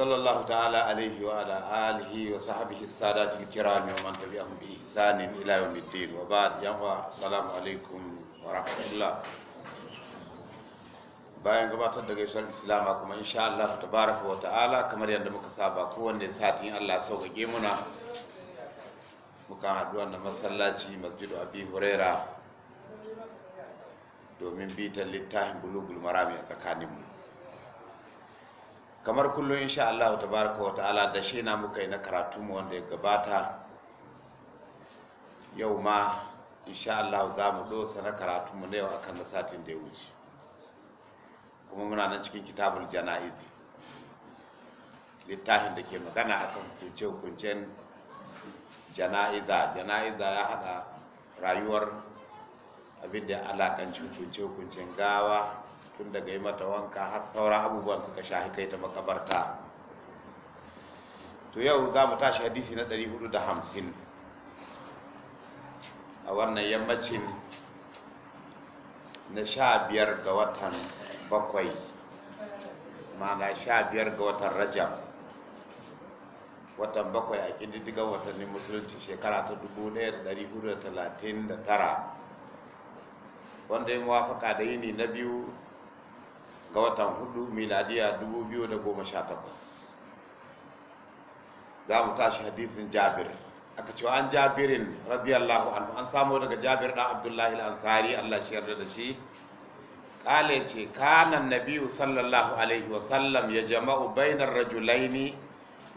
sallallahu ta'ala alaihi wa ala alihi wa sahabihi sadatul kiram wa man tabi'ahum bi ihsanin ila yawmiddin wa ba'd yawa assalamu alaikum wa bayan gabatar da gaisuwar islama kuma insha Allah tabaraka wa ta'ala kamar yadda muka saba kowanne sati Allah sauƙaƙe muna muka haɗu wanda masallaci masjidu abi huraira domin bitan littafin bulugul marami a tsakaninmu kamar kullum insha Allah tabaraka wa ta'ala da shi na muka yi na karatu mu wanda ya gabata yau ma insha Allah za mu dosa na karatu mu na yau akan na satin da ya wuce kuma muna nan cikin kitabul jana'izi littafin da ke magana akan hukunce hukuncen jana'iza jana'iza ya hada rayuwar abin da alakancin hukunce hukuncen gawa tun daga yi mata wanka har saura abubuwan suka shahi kai ta makabarta to yau za mu tashi hadisi na 450 a wannan yammacin na sha biyar ga watan bakwai mana sha biyar ga watan rajab watan bakwai a ƙididdigar watannin musulunci shekara ta 1439 wanda ya muwafaka da yini na biyu ga watan hudu miladiya 2018 za mu tashi hadisin jabir aka cewa an jabirin radiyallahu anhu an samu daga jabir ɗan abdullahi al-ansari Allah shi yarda da shi kale ce kanan nabiyu sallallahu alaihi wasallam ya jama'u bainar rajulaini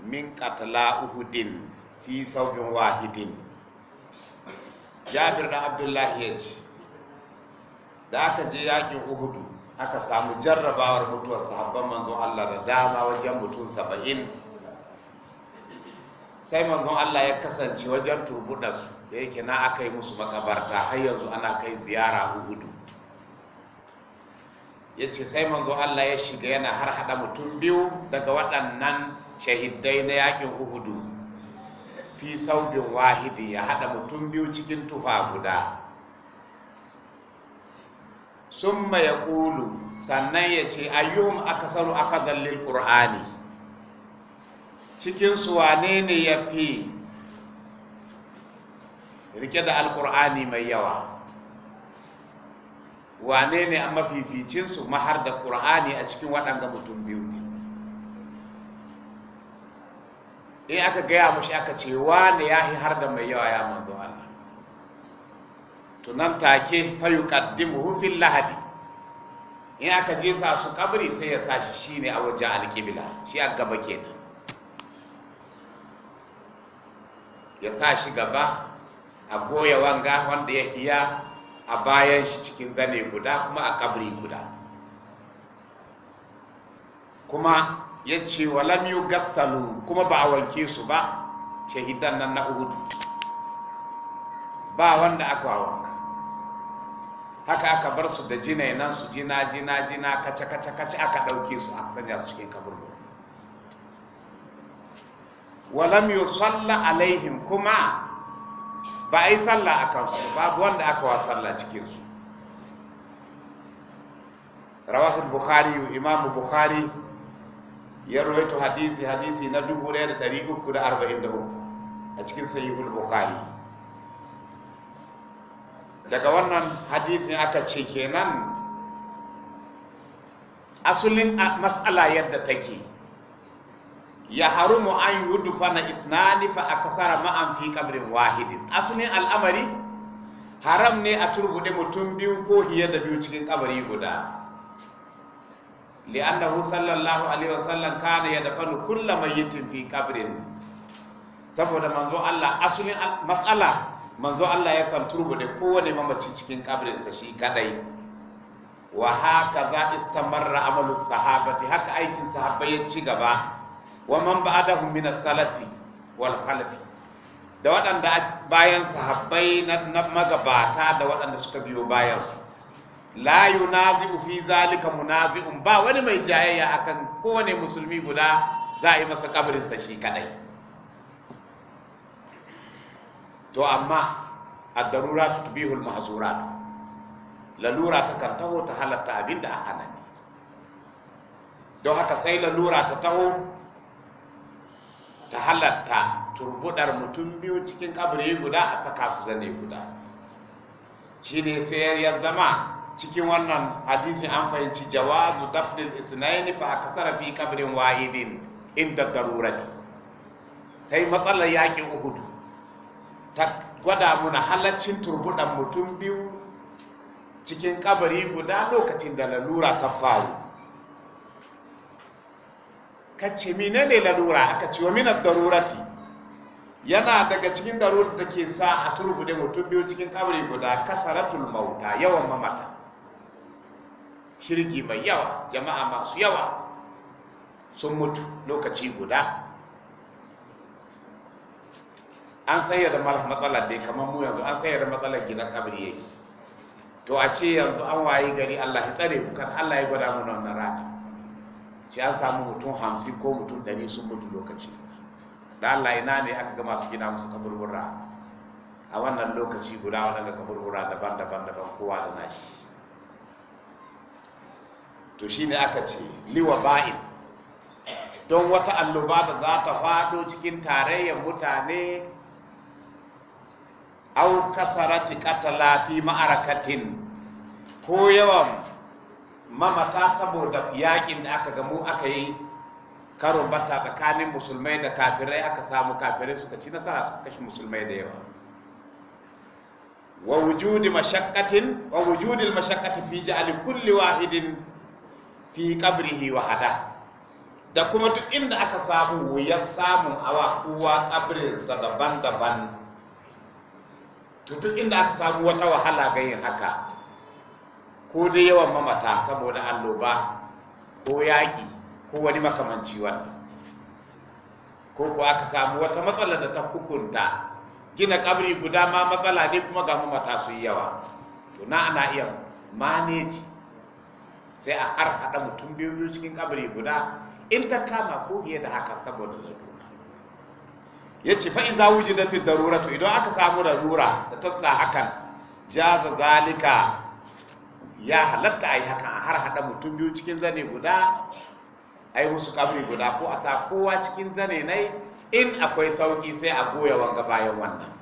min qatla uhudin fi saubin wahidin jabir ɗan abdullahi ya ce da aka je yakin uhudu aka samu jarrabawar mutuwar sahabban manzon Allah da dama wajen mutum saba'in sai manzon Allah ya kasance wajen su da yake na aka yi musu makabarta har yanzu ana kai ziyara uhudu ya ce sai manzon Allah ya shiga yana har haɗa mutum biyu daga waɗannan shahidai na yaƙin uhudu fi saubin wahidi ya haɗa mutum biyu cikin tufa guda summa ƙulu sannan ya ce ayyuhum akasaru akadhan lil qur'ani cikin wane ne ya fi rike da alƙur'ani mai yawa wane ne a mafificinsu mahar da ƙur'ani a cikin waɗanga mutum biyu ne in aka gaya mashi aka ce wane ya yi har da mai yawa ya manzo Allah to nan take fa yuqaddimuhu fil lahadi in aka je sa su kabri sai ya sa shi shine a wajen alƙibla shi a gaba kenan ya sa shi gaba a goya wanga wanda ya iya a bayan shi cikin zane guda kuma a kabri guda kuma ya ce walam yu gassalu kuma ba a wanke su ba shahidan nan na uhudu ba wanda aka wanka haka aka bar su da nan su jina jina jina kace kace kace aka ɗauke su a sanya su cikin kaburbu walam yusalla alaihim kuma ba a yi sallah a kansu babu wanda aka wa sallah cikin su rawahul bukhari imamu bukhari ya rawaito hadisi hadisi na 1343 a cikin sahihul bukhari daga wannan hadisin aka ce kenan asulin mas'ala yadda take ya harumu an yudfana isnani fa a kasara ma'an fi kabrin wahidin asulin al'amari haram ne a turbude mutum biyu ko hiyar da biyu cikin kabari guda li'annahu sallallahu alaihi wasallam kana yadfanu kulla mai fi kabirin. saboda manzo Allah asulin mas'ala manzo Allah ya yakan da kowane mamaci cikin kabrinsa shi kadai wa haka za istamarra amalu sahabati haka aikin sahabbai ya ci gaba wa man ba'adahu min salafi wal khalafi da waɗanda bayan sahabbai na magabata da waɗanda suka biyo bayan su la yunazi'u fi zalika munazi'un ba wani mai jayayya akan kowane musulmi guda za a yi masa kabrinsa shi kadai to amma ad-daruratu tubihu al-mahzurat lalura ta kan taho ta halatta abinda a hana ne don haka sai lalura ta taho ta halatta turbudar mutum biyu cikin kabari guda a saka su zane guda Shi ne sai ya zama cikin wannan hadisi an fahimci jawazu dafnil isnaini fa a akasara fi kabrin wahidin inda darurati sai matsalar yakin uhudu ta gwada muna halaccin turbuɗan mutum biyu cikin kabari guda lokacin da lalura ta faru ka ce mine ne lalura aka ciwo wa minar darurati yana daga cikin darurati da ke sa a turbude mutum biyu cikin kabari guda kasaratul mauta yawan mamata shirgi mai yawa jama'a masu yawa sun mutu lokaci guda an sayar da matsalar dai kamar mu yanzu an sayar da matsalar gidan kabari yayi to a ce yanzu an waye gari Allah ya tsare mu kan Allah ya gwada mu nan rana shi an samu mutum hamsin ko mutum ɗari sun mutu lokaci da Allah ina ne aka ga masu gina musu kaburbura a wannan lokaci guda wadanda kaburbura daban-daban daban kowa da nashi to shine aka ce liwa ba'in don wata alluba da za ta faɗo cikin tarayyar mutane au kasarati katala fi ma'arakatin ko yawan mamata saboda yakin da aka gamu aka yi karon bata tsakanin musulmai da kafirai aka samu kafirai suka ci nasara suka kashe musulmai da yawa wa wujudi mashaqqatin wa wujudi mashaqqati fi ja'li kulli wahidin fi qabrihi wahada da kuma duk inda aka samu wuyar samun awa kowa kabrinsa daban-daban tutu inda aka samu wata wahala ga yin haka ko dai yawan mamata saboda alloba ko yaƙi ko wani makamanci wannan ko ko aka samu wata matsala da ta hukunta gina kabri guda ma matsala ne kuma ga mamata su yi yawa to na ana iya maneji sai a har hada mutum biyu cikin kabri guda in ta kama ko fiye da hakan saboda zato ya ce fa'iza wujidatin darura to idan aka samu darura da ta sa hakan jaza zalika ya halatta a yi hakan a har haɗa mutum biyu cikin zane guda a yi musu kafi guda ko a sa kowa cikin zane nai in akwai sauƙi sai a goya wanga bayan wannan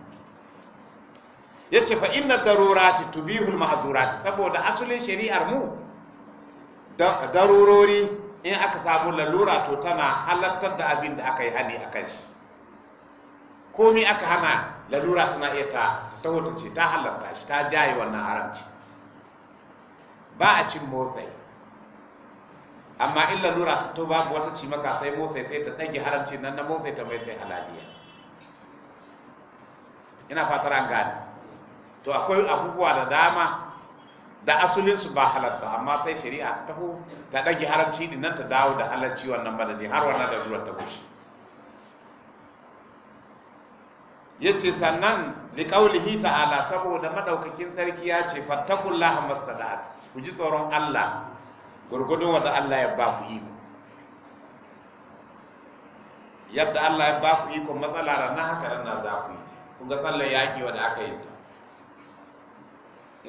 ya ce fa'in na darura ta tubihul mahazura saboda asulin shari'ar mu darurori in aka samu lalura to tana halattar da abin da aka yi hani a kan shi komi aka hana lalura tana iya ta ta ce ta halatta shi ta jaye wannan haramci ba a cin motsai amma in lalura ta to babu wata ci maka sai motsai sai ta ɗage haramci nan na motsai ta mai sai halaliya ina fatar an gane to akwai abubuwa da dama da asulinsu ba halatta amma sai shari'a ta taho ta ɗage haramci din nan ta dawo da halarci wannan madadi har wannan lalurar ta bushe Ya ce sannan liqaulihi ta'ala saboda madaukakin sarki ya ce fattaqullaha mastada'at ku ji tsoron Allah gurgudu wanda Allah ya ba ku iko yadda Allah ya ba ku iko matsala ranar haka ranar za ku yi ku ga sallar yaƙi wanda aka yi ta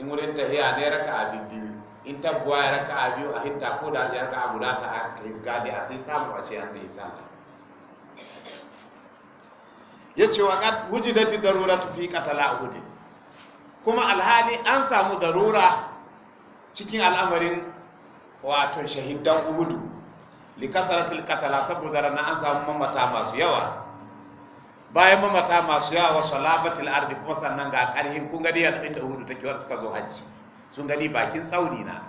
in wurin tahiya ne raka abin biyu in tabbuwa ya raka a biyu a hitta ko da ya raka a guda ta aka yi a dai samu a ce an da yi sallah ya ce wa kad wujidati daruratu fi qatala uhud kuma alhali an samu darura cikin al'amarin wato shahidan hudu li kasaratil qatala saboda na an samu mamata masu yawa bayan mamata masu yawa wasu salabatil ardi kuma sannan ga karhin kun gani yadda inda uhudu take wanda suka zo hajji sun gani bakin tsauni na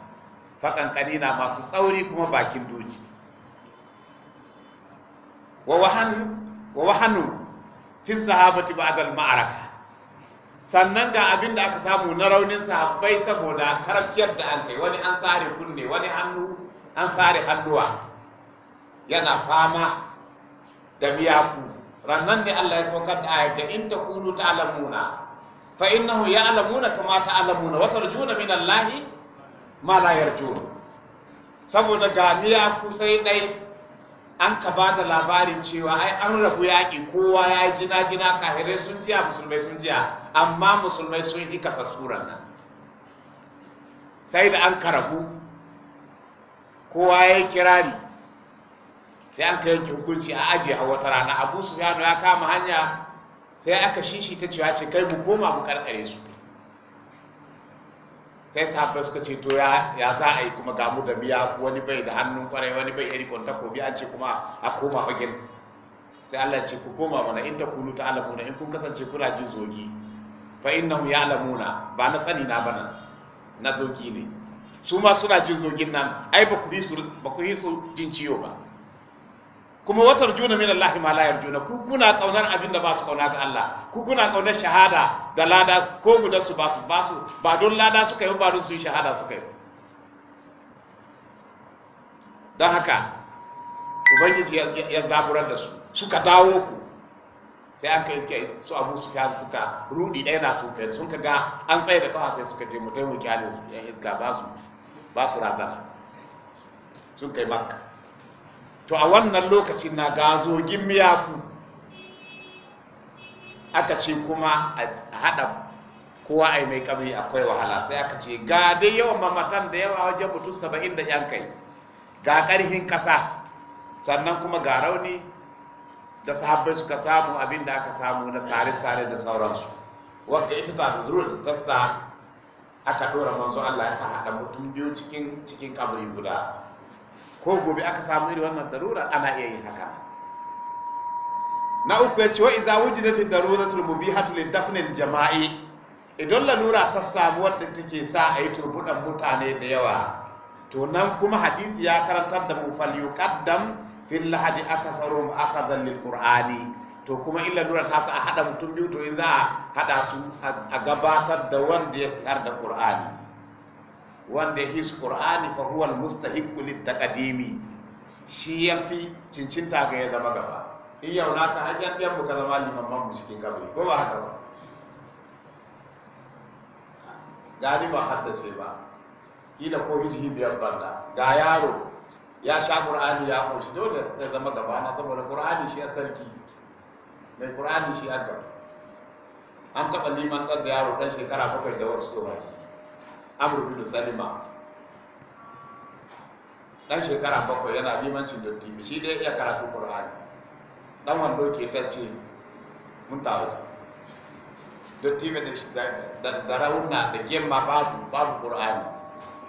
faƙanƙani na masu tsauri kuma bakin doji wa wahannu fi sahabati ba'dal ma'araka sannan ga abin da aka samu na raunin sahabbai saboda karafiyar da an kai wani an sare kunne wani hannu an sare hannuwa yana fama da miyaku rannan ne Allah ya saukar da ayat ga in takunu ta'lamuna fa ya ya'lamuna kama ta'lamuna wa tarjuna min Allah ma la yarjun saboda ga miyaku sai dai an ka ba da labarin cewa ai an rabu yaƙi kowa ya yi jina jina kahirai sun jiya musulmai sun jiya amma musulmai sun yi kasa suran nan sai da an ka rabu kowa ya yi kirari sai an ka yanke hukunci a ajiye a wata rana abu su ya kama hanya sai aka shishi ta cewa ce kai mu koma mu karkare su sai sahabbai suka ce to ya za a yi kuma gamu da miya wani bai da hannun kwarai wani bai iri kwanta ko an ce kuma a koma fagen sai Allah ce ku koma mana in ta kunu ta alamuna in kun kasance kuna jin zogi fa innahum ya alamuna ba na sani na bana na zogi ne su ma suna jin zogin nan ai ba ku yi su jin ciwo ba kuma watar juna min Allah ma la yarjuna ku kuna kaunar abin da ba su kauna ga Allah ku kuna kaunar shahada da lada ko guda su ba su ba su ba don lada suka yi ba don su yi shahada suka yi don haka ubangiji ya zaburar da su suka dawo ku sai an kai suke su abu su fiya suka rudi ɗaya na su kai sun ka ga an tsaye da kawai sai suka je mu taimaki kyale su yan iska ba su ba su razana sun kai makka to a wannan lokacin na gazogin miyaku aka ce kuma a haɗa kowa ai mai kabi akwai wahala sai aka ce ga dai yawan mamatan da yawa wajen mutum saba'in da yan kai ga ƙarhin ƙasa sannan kuma ga rauni da sahabbai suka samu abin da aka samu na sare-sare da sauransu wadda ita ta zurul ta sa aka ɗora manzo Allah ya haɗa mutum biyu cikin cikin kabri guda ko gobe aka samu iri wannan darura ana iya yin haka na uku ya ce wa iza wujidatin daruratul mubihatu lidafnil jama'i idan lalura ta samu wadda take sa a yi turbuɗan mutane da yawa to nan kuma hadisi ya karantar da mu fal yuqaddam fil lahadi mu aka lil qur'ani to kuma illa lalura ta sa a hada mutum biyu to in za a hada su a gabatar da wanda ya har da qur'ani wanda ya his qur'ani fa huwa almustahiqqu littaqdimi shi ya fi cincinta ga ya zama gaba in yau ka an yan biyan mu ka zama limamman mu cikin kabari ko ba haka ba gani ba haddace ba kila ko hijji biyar banda ga yaro ya sha qur'ani ya koshi dole ya zama gaba na saboda qur'ani shi ya sarki mai qur'ani shi ya gaba an taɓa limantar da yaro ɗan shekara bakwai da wasu tsohon amuru bin salima dan shekara bakwai yana limancin dottimi shi dai iya karatu qur'ani dan wando ke ta ce mun tawo dottimi da rauna da gemma babu babu qur'ani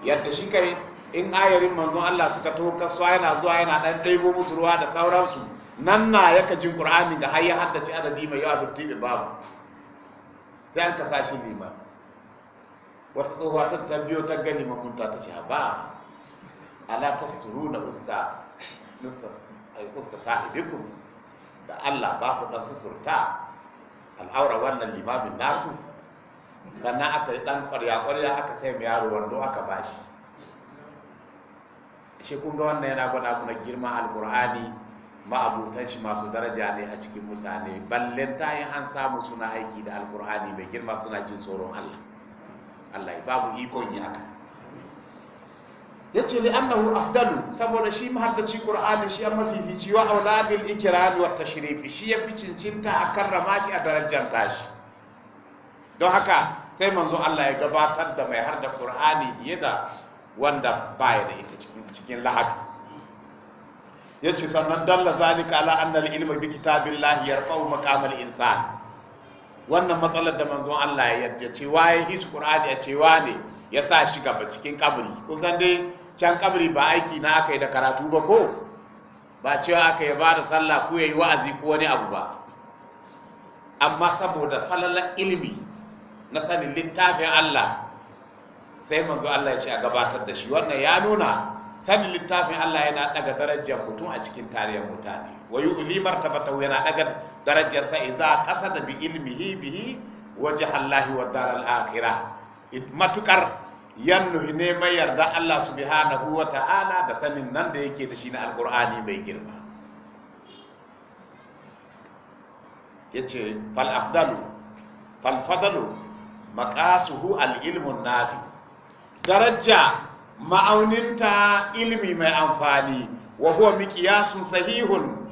yadda shi kai in ayarin manzon Allah suka to so yana zuwa yana dan daibo musu ruwa da sauransu nan na yaka jin qur'ani da har ya ci adadi mai yawa dottimi babu sai an kasa shi liman wata tsohuwa ta tambiyo ta gani mamunta ta ce ba ala ta na usta Sahibikun, da allah ba ku dan suturta al'aura wannan limamin naku sannan aka yi dan kwarya-kwarya aka sai mu yaro wando aka ba shi kun ga wannan yana gwada kuna girman alkur'ani ma'abutan shi masu daraja ne a cikin mutane ballen tayin an samu suna aiki da alkur'ani mai girma suna jin tsoron allah Allah babu ikon yi ya yace li annahu afdalu saboda shi mahaddaci qur'ani shi mafi fici wa auladil ikrami wat tashrifi shi ya fi cincinta a karrama shi a darajar tashi don haka sai manzo Allah ya gabatar da mai har da qur'ani fiye da wanda baya da ita cikin lahadu yace sannan dalla zalika ala anna al ilma bi kitabillahi yarfa'u maqamal insan wannan matsalar da manzon Allah ya yarda cewa ya his Qur'ani ya cewa ne ya sa shi gaba cikin kabri kun san dai can kabri ba aiki na aka yi da karatu ba ko ba cewa aka yi ba da sallah ko ya yi wa'azi ko wani abu ba amma saboda falala ilimi na sanin littafin Allah sai manzo Allah ya ce a gabatar da shi wannan ya nuna sanin littafin Allah yana daga darajar mutum a cikin tarihin mutane wa yu'li martabatahu yana daga darajarsa idza qasada bi ilmihi bihi wajha Allah wa daral akhirah matukar yannu mai yarda Allah subhanahu wa ta'ala da sanin nan da yake da shi na alkur'ani mai girma yace fal afdalu fal fadalu maqasuhu al ilmu nafi daraja ma'auninta ilmi mai amfani wa huwa miqyasun sahihun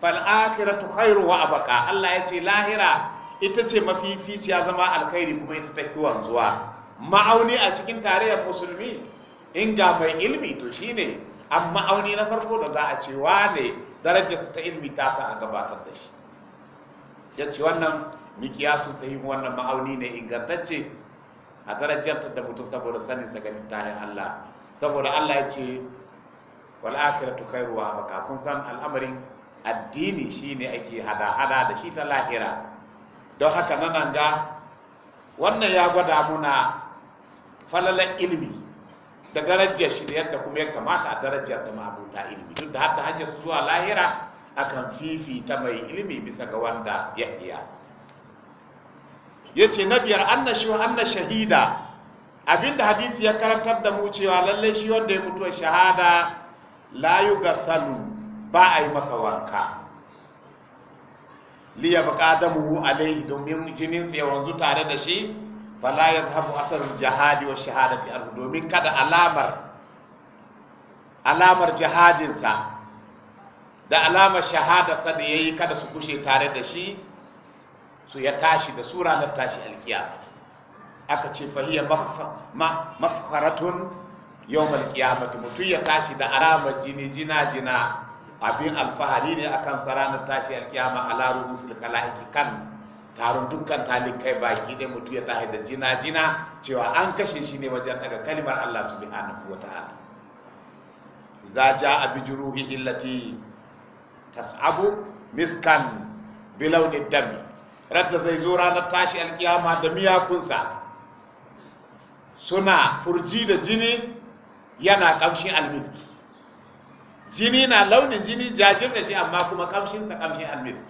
fal akhiratu khairu wa abaka Allah ya ce lahira ita ce mafificiya zama alkhairi kuma ita ta fi wanzuwa ma'auni a cikin tarayyar musulmi in ga mai ilmi to shine an ma'auni na farko da za a ce ne darajarsa ta ilmi ta sa a gabatar da shi ya ce wannan mikiyasun sahihu wannan ma'auni ne ingantacce a darajar da mutum saboda sanin saganin tarin Allah saboda Allah ya ce wal akhiratu khairu wa kun san al'amarin addini shine ake hada-hada da shi ta lahira don haka nan ga wannan ya gwada muna falalan ilimi da darajar shi da yadda kuma ya kamata a darajar ta mabuta ilimi duk da hatta hanyar su zuwa lahira akan fifita mai ilimi bisa ga wanda ya iya ya ce na biyar anna shahida abinda hadisi ya karantar da mu cewa lallai shi wanda ya mutuwa shahada layu ga salu ba a yi masa wanka liya buƙadamu alaihi domin jinin ya wanzu tare da shi fala ya zahabu asarin jihadi wa shahadati arhu domin kada alamar alamar jihadinsa da alamar shahadarsa da ya yi kada su kushe tare da shi su ya tashi da sura na tashi alkiya aka ce fahiyar mafaratun yau malkiya mutum ya tashi da alamar jini jina jina abin alfahari ne akan saranar tashi alkiyama ala ruhusul kalaiki kan taron dukkan talikai baki ne mutu ya tahi da jina jina cewa an kashe shi ne wajen daga kalimar Allah subhanahu wa ta'ala za ja abi juruhi illati tas'abu miskan bilawni dami radda zai zo ranar tashi alkiyama da miyakunsa suna furji da jini yana kamshin almiski jini na launin jini jajir da shi amma kuma kamshinsa kamshin almisk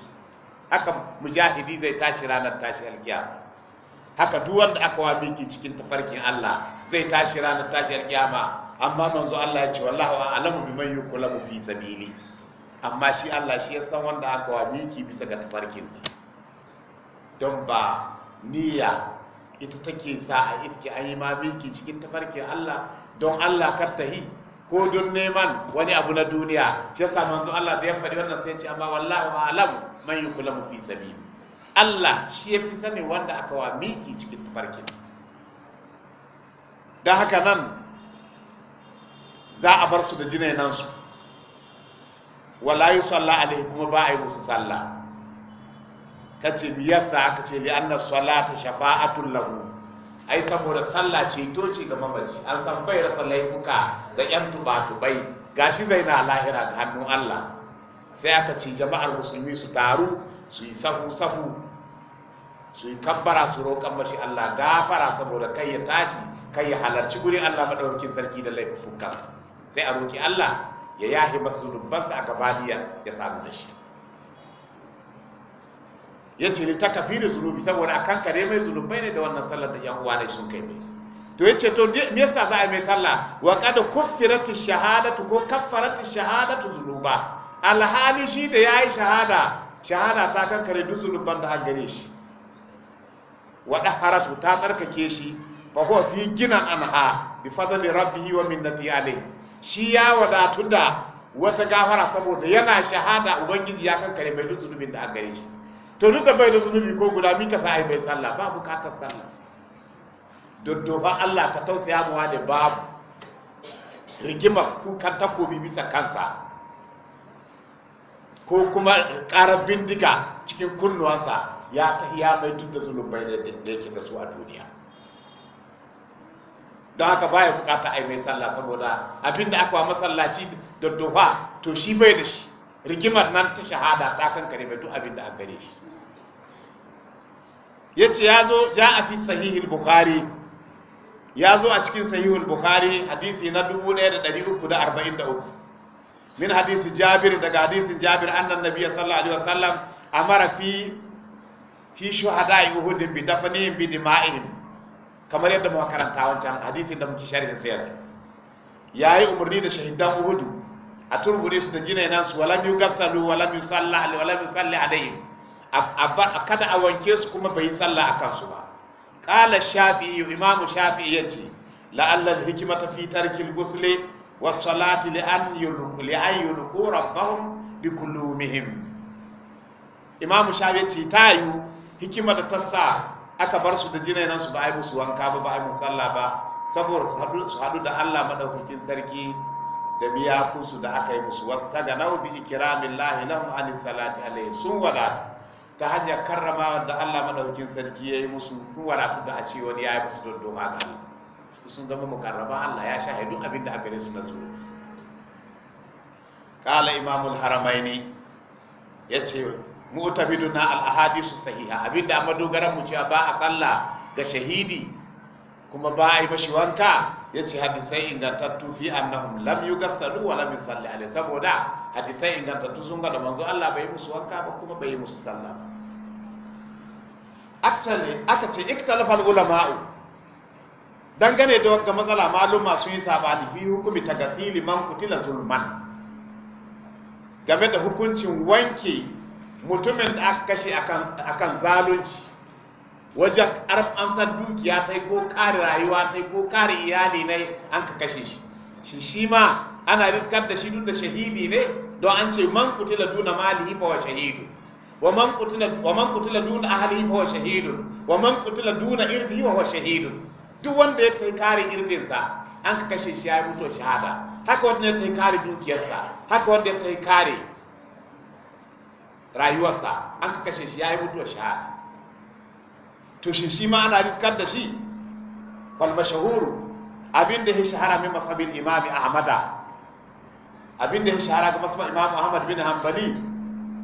haka mujahidi zai tashi ranar tashi alkiyama haka duk wanda aka wa miki cikin tafarkin Allah zai tashi ranar tashi alkiyama amma manzo Allah ya ce wallahu a'lamu man yukulamu fi sabili amma shi Allah shi ya san wanda aka wa miki bisa ga tafarkinsa don ba niyya ita take sa a iski ayi ma miki cikin tafarkin Allah don Allah kar ta yi ko don neman wani abu na duniya shi yasa manzo Allah da ya faɗi wannan sai ya ce amma wallahu a'lam man mu fi sabili Allah shi ya fi sani wanda aka wa miki cikin tafarkin da haka nan za a bar su da jinainansu wala yi sallah alaihi kuma ba a yi musu sallah kace me yasa aka ce li anna salata shafa'atun lahu ai saboda sallah ceto ce ga mamaci an san bai rasa laifuka da yan tuba-tubai gashi zai na lahira ga hannun Allah sai aka ci jama'ar musulmi su taru su yi sahu-sahu su yi kabbara su roƙa mashi Allah gafara saboda kai ya tashi kai ya halarci guri Allah maɗaukin sarki da laifukan sai a roƙi Allah ya yahi masu dubbansa a gabaniya ya samu da shi ya ce ta kafi da zunubi saboda akan kare mai zunubai ne da wannan sallar da yan uwa ne sun kai mai to ya ce to me yasa za a mai sallah wa kad kuffirati shahadatu ko kaffarati shahadatu zunuba alhali shi da yayi shahada shahada ta kankare duk zunuban da an gare shi wa ta tsarkake shi fa huwa fi gina anha bi fadli rabbih wa minnati alayhi shi ya wadatu da wata gafara saboda yana shahada ubangiji ya kankare mai duk zunubin da an gare shi to duk da bai da zunubi ko guda mika sa ai bai sallah ba bukatar sallah doddofa Allah ka tausaya mu da babu rigimar kan takobi bisa kansa ko kuma karar bindiga cikin kunnuwansa ya ta iya mai duk da zunubai da yake da su a duniya don haka baya bukata ai mai sallah saboda abinda aka wa masallaci da doha to shi bai da shi rigimar nan ta shahada ta kankare mai duk abinda an gare shi ce ya zo a fi sahihul bukhari ya zo a cikin sahihul bukari hadisi na 1343 min hadisi jabir daga hadisin jabir annan nabiyyi sallallahu alaihi wasallam amara fi fi shuhada'i uhud bi dafanihim bi dima'in kamar yadda muka karanta wancan hadisin da muke sharhin sayar yayi umarni da shahidan uhud a turbure su da jinainan su walam yugassalu walam yusalli walam yusalli alaihim kada a wanke su kuma bai yi sallah a kansu ba qala shafi'i imamu shafi'i ce la'allar hikima ta fi tarkin gusle wa salati li'an yi yulqu li bi kulumihim imamu shafi'i ta yi hikima ta sa aka bar su da jina su ba yi musu wanka ba ba yi musu sallah ba saboda su haɗu da Allah maɗaukakin sarki da miyakunsu da aka yi musu wasu ta ganau bi ikiramin lahi lahum alaihi sun wadata ta hanyar karrama da Allah madaukin sarki ya yi musu sun waratu da a ce wani ya yi musu dondoma ga su sun zama mukarrama Allah ya haidu abin da aka su na zuwa kala imamul haramaini ya ce mu'tabiduna al ahadisu sahiha abin da amma dogaran mu cewa ba a sallah ga shahidi kuma ba a yi mashi wanka ya ce hadisai ingantattu fi annahum lam yugassalu wa lam alai saboda hadisai ingantattu sun gada manzo Allah bai yi musu wanka ba kuma bai yi musu sallah ba actually aka ce iktalafal ulama'u dangane da ga matsala malum sun yi sabani fi hukumi ta gasili man kutila zulman game da hukuncin wanke mutumin da aka kashe akan zalunci wajen amsar dukiya ta ko kare rayuwa ta ko kare iyali na an ka kashe shi shi shi ma ana riskar da shi duk da shahidi ne don an ce man kutila duna malihi fa wa shahidu wa man duna ahlihi fa huwa shahidun wa man duna irdihi wa huwa shahidun duk wanda ya kai kare irdinsa an ka kashe shi ya mutu shahada haka wanda ya kai kare dukiyarsa haka wanda ya kai kare rayuwarsa an ka kashe shi ya mutu shahada to shi shi ma ana riskar da shi wal shahuru, abin da ya shahara min masabin imami ahmada abin da ya shahara ga masabin imami ahmad bin hanbali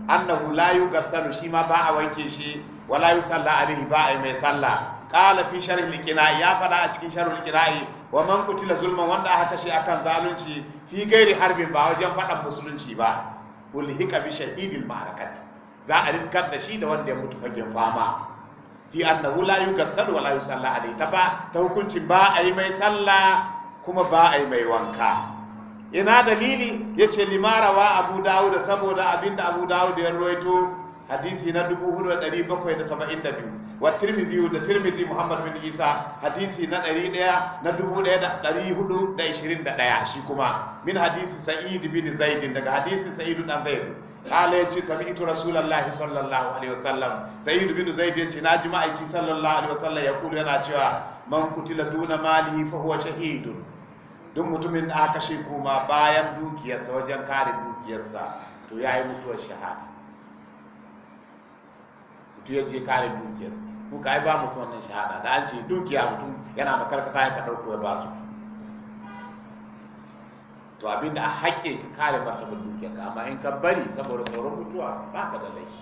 annahu la yughsalu shi ma ba a wanke shi wala yusalla alaihi ba a mai sallah qala fi sharh liqina'i ya fada a cikin sharh liqina'i wa man kutila zulman wanda aka kashe akan zalunci fi gairi harbin ba wajen fadan musulunci ba hika bi shahidil ma'arakat za a riskar da shi da wanda ya mutu fagen fama fi annahu la yughsalu wala yusalla alaihi ta ba ta hukuncin ba a yi mai sallah kuma ba a yi mai wanka ina dalili ya ce limara wa abu dawud saboda abinda abu dawud ya roito hadisi na 4772 wa tirmizi da tirmizi muhammad bin isa hadisi na 100 na 1421 shi kuma min hadisi sa'id bin zaid daga hadisi sa'id dan zaid kala yace sami'tu rasulullahi sallallahu alaihi wasallam sa'id bin zaid yace na ji ma'aiki sallallahu alaihi wasallam ya kulu yana cewa man kutila duna malihi fa huwa shahidun duk mutumin da aka kashe kuma bayan dukiyarsa wajen kare dukiyarsa to ya yi mutuwar shahada Mutu ya je kare dukiyarsa mu ka yi ba musu wannan shahada da an ce dukiya mutum yana makarkata ya ka ɗauko ya ba su to abin da a haƙƙe ka kare martabar dukiyarka amma in ka bari saboda sauran mutuwa ba ka da laifi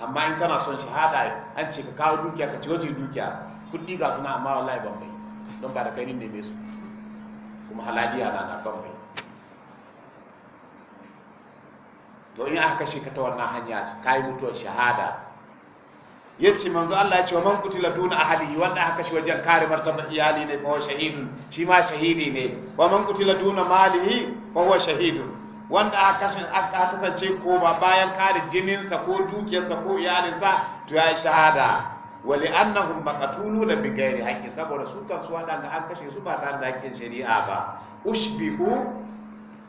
amma in kana son shahada an ce ka kawo dukiya ka ce wajen dukiya kuɗi ga suna amma wallahi ban kai don ba da kai ne mai su kuma halaliya na na mai to in aka kashe ka ta wannan hanya ka yi mutuwar shahada ya ce manzo Allah ya ce wa man kutila duna ahlihi wanda aka kashe wajen kare martabar iyali ne fa huwa shahidun shi ma shahidi ne wa man kutila duna malihi fa huwa shahidun wanda aka kasance ko ba bayan kare jininsa ko dukiyarsa ko iyalinsa to ya yi shahada wali annahum maqatuluna bi ghairi haqqin saboda su kan su wadanda an kashe su ba ta da haƙƙin shari'a ba ushbihu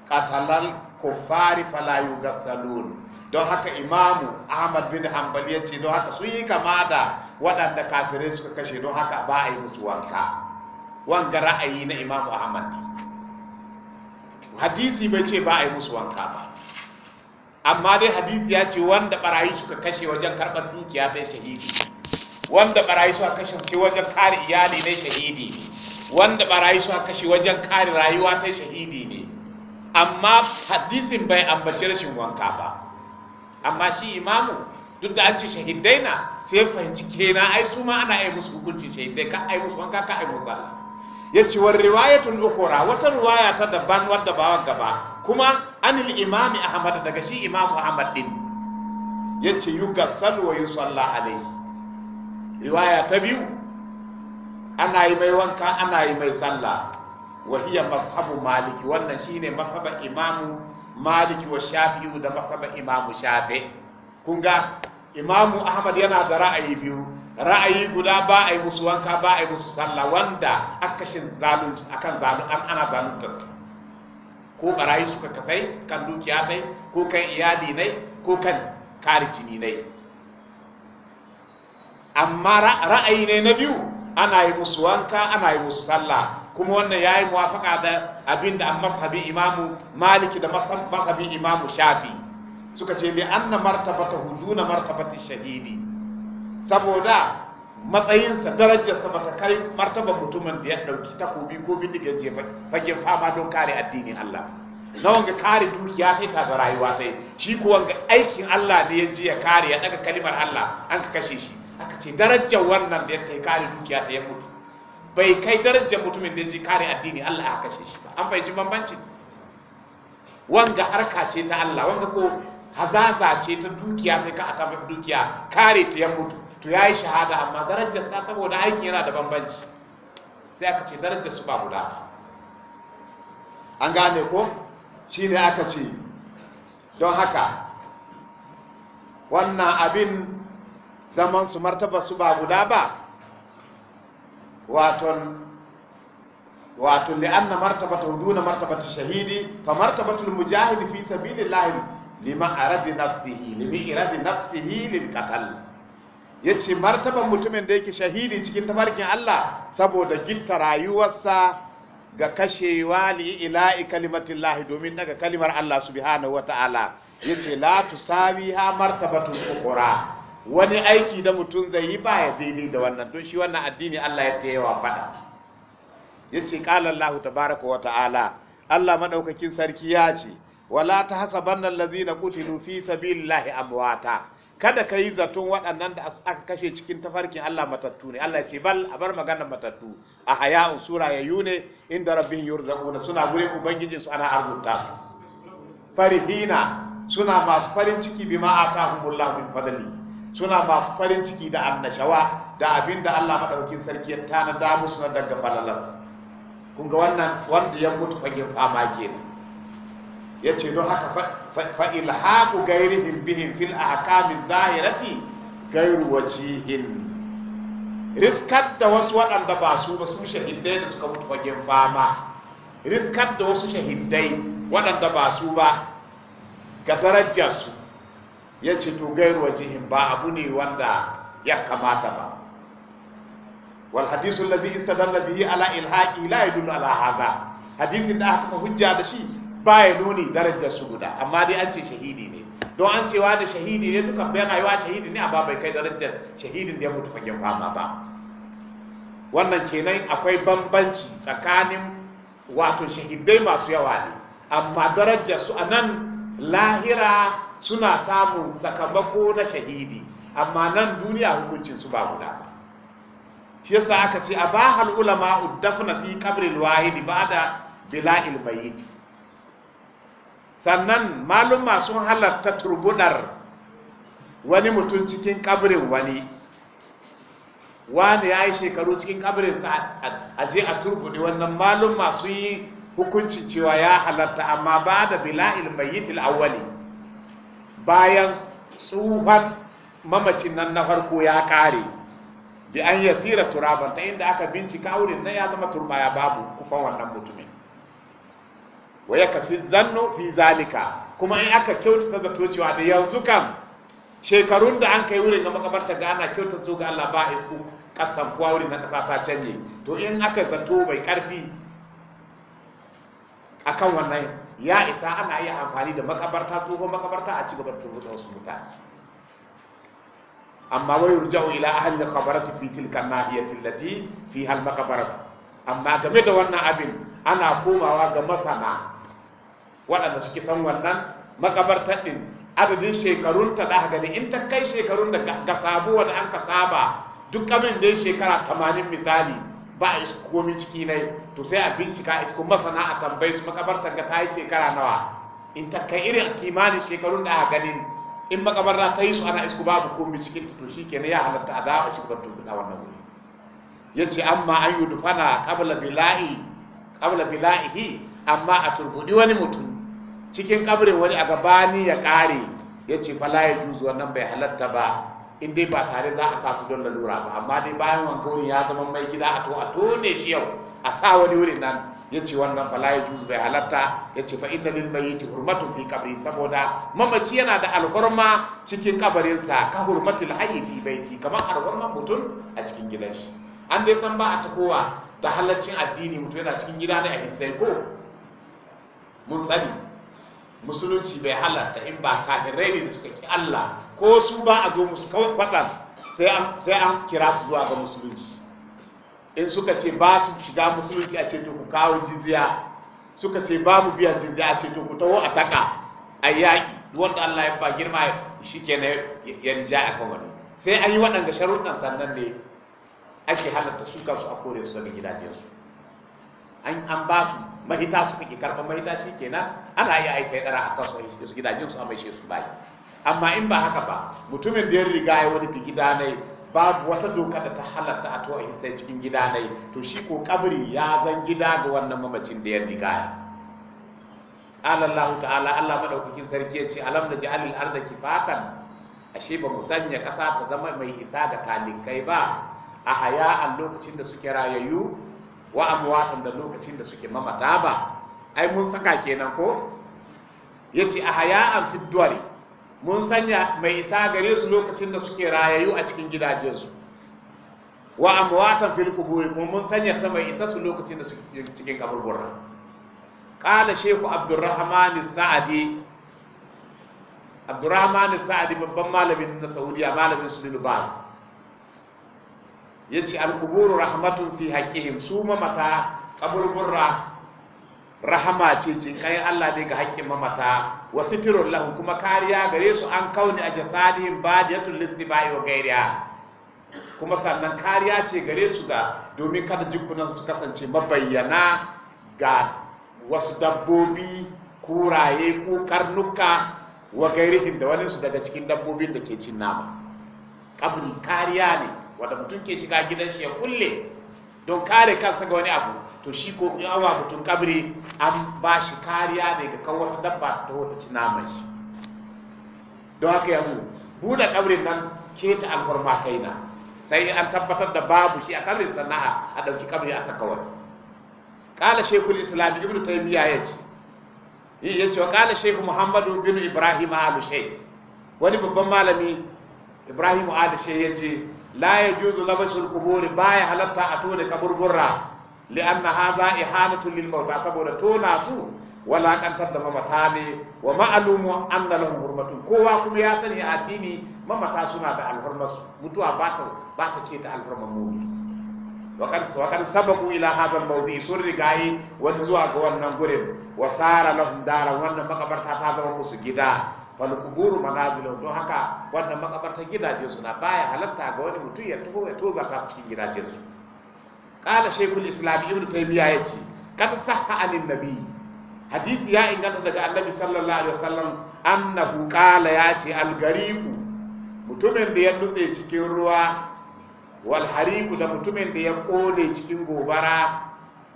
qatalal kuffari fala yugassalun don haka imamu ahmad bin Hambali ya ce don haka sun yi kama da waɗanda kafirai suka kashe don haka ba a yi musu wanka wanga ra'ayi na imamu ahmad ne hadisi bai ce ba a yi musu wanka ba amma dai hadisi ya ce wanda barayi suka kashe wajen karɓar dukiya bai shahidi wanda barayi suka kashe wajen kare iyali ne shahidi ne wanda barayi suka kashe wajen kare rayuwa ta shahidi ne amma hadisin bai ambaci rashin wanka ba amma shi imamu duk da an ce shahidai na sai fahimci kenan ai su ma ana ai musu hukuncin shahidai ka ai musu wanka ka ai musu ya ce wa riwayatul ukura wata riwaya ta daban wadda ba wanka ba kuma anil imami ahmad daga shi imamu ahmad din ya ce yugassalu wa yusalla alaihi riwaya ta biyu ana yi mai wanka ana yi mai sallah wa hiya mas'abu maliki wannan shine masaba imamu maliki wa shafi'u da masaba imamu shafi kun imamu ahmad yana da ra'ayi biyu ra'ayi guda ba a yi musu wanka ba a yi musu sallah wanda akashin zalunci akan zalun an ana zalunta ko barayi suka kasai kan dukiya tai ko kan iyali nai ko kan kari jini nai amma ra'ayi ne na biyu ana yi musu wanka ana yi musu sallah kuma wannan yayi muwafaka da abin da masabi imamu maliki da masabi imamu shafi suka ce li anna martabata huduna ta shahidi saboda matsayinsa darajarsa bata kai martaba mutumin da ya ɗauki takobi ko bindigar jefa fagen fama don kare addinin Allah na wanga kare dukiya ta ta rayuwa ta shi ko wanga aikin Allah da ya je ya kare ya daga kalimar Allah an ka kashe shi aka ce darajar wannan da ya ta yi kare dukiya ta ya mutu bai kai darajar mutumin da ya kare addini Allah ya kashe shi ba an fahimci bambanci wanga harka ce ta Allah wanga ko hazaza ce ta dukiya ta ka ata dukiya kare ta ya mutu to yayi shahada amma darajar sa saboda aiki yana da bambanci sai aka ce darajar su ba guda an gane ko shine aka ce don haka wannan abin zaman su martaba su ba guda ba waton wato li'anna na duna ta shahidi fa martabatul mujahidi fi lahi lima aradi nafsihi limi iradi nafsihi lil Ya yace martaban mutumin da yake shahidi cikin tafarkin Allah saboda gitta rayuwarsa ga kashewa li ila'i kalimatillahi domin daga kalimar Allah subhanahu wataala yace la ha martabatul ukura wani aiki da mutum zai yi ba ya daidai da wannan don shi wannan addini Allah ya ta yawa faɗa ya ce ƙala Allah baraka wa ta'ala Allah maɗaukakin sarki ya ce wala ta bannan hasabanna kuti nufi fi lillahi amwata kada ka yi zaton waɗannan da aka kashe cikin tafarkin Allah matattu ne Allah ce bal a bar magana matattu a haya'un sura ya yune inda rabbin yurzaquna suna gurin ubangijin su ana arzuta su farihina suna masu farin ciki bima atahumullahu min fadali suna masu farin ciki da annashawa da abin da Allah maɗaukin sarki ya tanada musu na daga falalas kun ga wannan wanda ya mutu fagen fama ne ya ce don haka fa ilhaqu gairihim bihin fil ahkami zahirati gairu wajihin riskar da wasu waɗanda ba su ba su shahidai da suka mutu fagen fama riskar da wasu shahidai waɗanda ba su ba ga darajarsu ya ce to gairu wajihin ba abu ne wanda ya kamata ba wal hadisu allazi istadalla bihi ala ilhaqi la yadullu ala hadha hadisin da aka hujja da shi ba ya nuni darajar su guda amma dai an ce shahidi ne don an cewa da shahidi ne duka bayan wa shahidi ne amma bai kai darajar shahidin da ya mutu fagen fama ba wannan kenan akwai bambanci tsakanin wato shahidai masu yawa ne amma darajar su a nan lahira suna samun sakamako na shahidi amma nan duniya hukuncin su ba guda ba shi yasa aka ce abahal ulama uddafna fi qabri ba ba'da bila'il mayyit sannan maluma sun halatta turbunar wani mutum cikin kabrin wani wani ya yi shekaru cikin kabrinsa a je a turbuɗe wannan malum masu yi hukuncin cewa ya halatta amma ba da bila'il awali awwali bayan tsuhan mamacin nan na farko ya kare da an yasira turaban ta inda aka bincika wurin na ya zama turbaya babu kufan wannan mutumin waya ka fi zanno fi zalika kuma in aka kyautata zato cewa da yanzu kan shekarun da an kai wurin ga makabarta ga ana kyautata zo ga Allah ba isku kasan kuwa wurin na kasa ta canje to in aka zato bai karfi akan wannan ya isa ana iya amfani da makabarta tsohon makabarta a cigaba da turbuɗa wasu mutane amma wai rujau ila ahli qabarati fi tilka nahiyati allati fi hal maqbaratu amma game da wannan abin ana komawa ga masana waɗanda suke san wannan makabartar din adadin shekarun ta da gani in ta kai shekarun da ga sabuwa da an ka saba duk abin da shekara 80 misali ba a isko komi ciki nai to sai a bincika a isko masana a tambayi su makabartar ga ta yi shekara nawa in ta kai irin kimanin shekarun da a ganin in makabarta ta yi su ana isko babu komi cikin ta to shi kenan ya halatta a dawa a shi wannan wuri ya ce amma an yi dufana kabla bila'i kabla bila'ihi amma a turbudi wani mutum cikin kabrin wani a gabani ya ƙare ya ce fala ya juzu wannan bai halatta ba in dai ba tare za a sa su don lalura ba amma dai bayan wanka wurin ya zama mai gida a to a ne shi yau a sa wani wurin nan ya ce wannan fala ya juzu bai halatta ya ce fa inna lil mayyiti hurmatun fi qabri saboda mamaci yana da alhurma cikin kabarinsa ka hurmatul hayyi fi baiti kamar alhurman mutun a cikin gidan shi an dai san ba a takowa ta halaccin addini mutum yana cikin gida ne a hisai ko mun sani musulunci bai halarta in ba kafirai ne da suka ki Allah ko su ba a zo musu kawai kwatsam sai an kira su zuwa ga musulunci in suka ce ba su shiga musulunci a ce to ku kawo jizya suka ce ba mu biyan jizya a ce to ku taho a taka a yaƙi wanda Allah ya ba girma shi ke yan ja a kan wani sai an yi waɗanda sharuɗan sannan ne ake halarta su kansu a kore su daga gidajensu an ba su mahita suka ki karɓar mahita shi kenan ana yi ai sai dara a kan su gidajen su a shi su bai amma in ba haka ba mutumin da ya riga ya wani bi gida ne babu wata doka da ta halarta a towa hisai cikin gida nai to shi ko kabri ya zan gida ga wannan mamacin da ya riga ya Allah ta'ala Allah maɗaukakin sarki ya ce alam alil arda kifatan ashe ba mu sanya kasa ta zama mai isa ga talikai ba a haya a lokacin da suke rayayyu wa amwatan da lokacin da suke mamata ba ai mun saka kenan ko yace haya'an fi duwari mun sanya mai isa gare su lokacin da suke rayayu a cikin gidajensu wa amwatan fil quburi mun sanya ta mai isa su lokacin da suke cikin kaburbura qala shaykh abdurrahman sa'adi abdurrahman sa'adi babban malamin na saudiya malamin su bin ya ce alkuburu rahmatun fi haƙƙihim su mamata kaburburra rahama ce jinkayin Allah ne ga haƙƙin mamata wa sitirun lahu kuma kariya gare su an kauni a jasadihim badiyatul listibai wa gairiya kuma sannan kariya ce gare su ga domin kada jikunan su kasance mabayyana ga wasu dabbobi kuraye ko karnuka wa gairihin da wani su daga cikin dabbobin da ke cin nama kabri kariya ne wanda mutum ke shiga gidan shi ya kulle don kare kansa ga wani abu to shi ko in awa mutum kabri an ba shi kariya ne ga kan wata dabba ta taho ta ci naman shi don haka yanzu buɗe kabrin nan keta alfarma kai na sai an tabbatar da babu shi a kabrin sana'a a ɗauki kabri a saka wani kala shekul islam ibnu taymiya ya ce ya ce wa kala shekul muhammadu bin ibrahim al wani babban malami ibrahim al ya ce la juzu labasul ba ya halatta a tone kaburburra li'anna hadha ihanatu lil mauta saboda tona su walakantar da mamata ne wa ma'alumu an da lahum hurmatun kowa kuma ya sani addini mamata suna da alhurmar su mutuwa ba ta ba ta ce ta alhurmar mu'min wa kan wa ila hadha sun rigayi wani zuwa ga wannan gurin wa sara lahum dara wannan makabarta ta zama musu gida wal quburu manazilu don haka wannan makabartan gidajen su na baya halatta ga wani mutum ya tuho ya tozarta su cikin gidajen su qala shaykhul islam ibn taymiya yace kad sahha anin nabi hadisi ya inganta daga annabi sallallahu alaihi wasallam annahu qala yace al gariqu mutumin da ya nutse cikin ruwa wal hariqu da mutumin da ya kone cikin gobara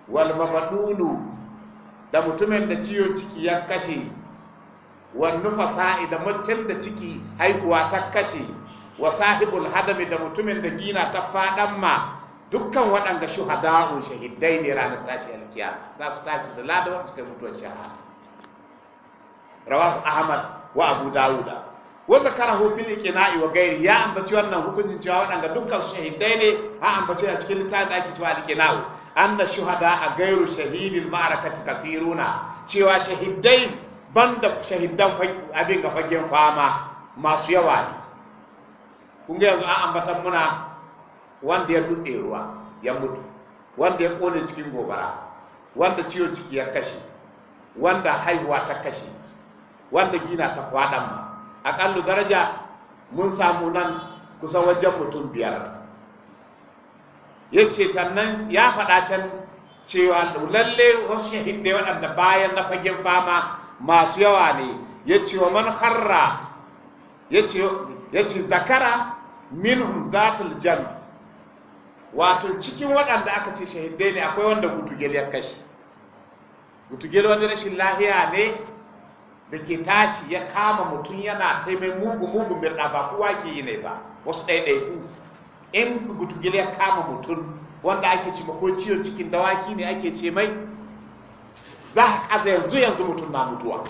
wal mabadunu da mutumin da ciwon ciki ya kashe Wannu nufasa da macen da ciki haihuwa ta kashe wa sahibul hadami da mutumin da gina ta fadan ma dukkan waɗanda shuhada'un shahidai ne ranar tashi alkiya za su tashi da ladawan su kai mutuwar shahada rawahu ahmad wa abu dawuda wa zakarahu fil iqna'i wa ghairi ya ambaci wannan hukuncin cewa waɗanda dukkan shahidai ne a ambaci a cikin littafin da ake cewa al an anna shuhada a gairu shahidil ma'arakati kasiruna cewa shahidai banda shahidan abin ga fagen fama masu yawa ne kun ga yanzu an ambatan muna wanda ya dutse ruwa ya mutu wanda ya kone cikin gobara wanda ciwo ciki ya kashe wanda haihuwa ta kashe wanda gina ta kwaɗan ma aƙallu daraja mun samu nan kusa wajen mutum biyar ya ce sannan ya faɗa can cewa lalle wasu shahidai waɗanda bayan na fagen fama masu yawa ne ya ce wa man harra ya ce zakara minhum zatul jambi wato cikin waɗanda aka ce shahidai ne akwai wanda gutugel ya kashe gutugel wanda rashin lahiya ne da ke tashi ya kama mutum yana taimai mugu mugu mirɗa ba kowa ke yi ne ba wasu ɗaiɗaiku in gutugel ya kama mutum wanda ake ce ko ciwon cikin dawaki ne ake ce mai za a ƙaza yanzu yanzu mutum na mutuwa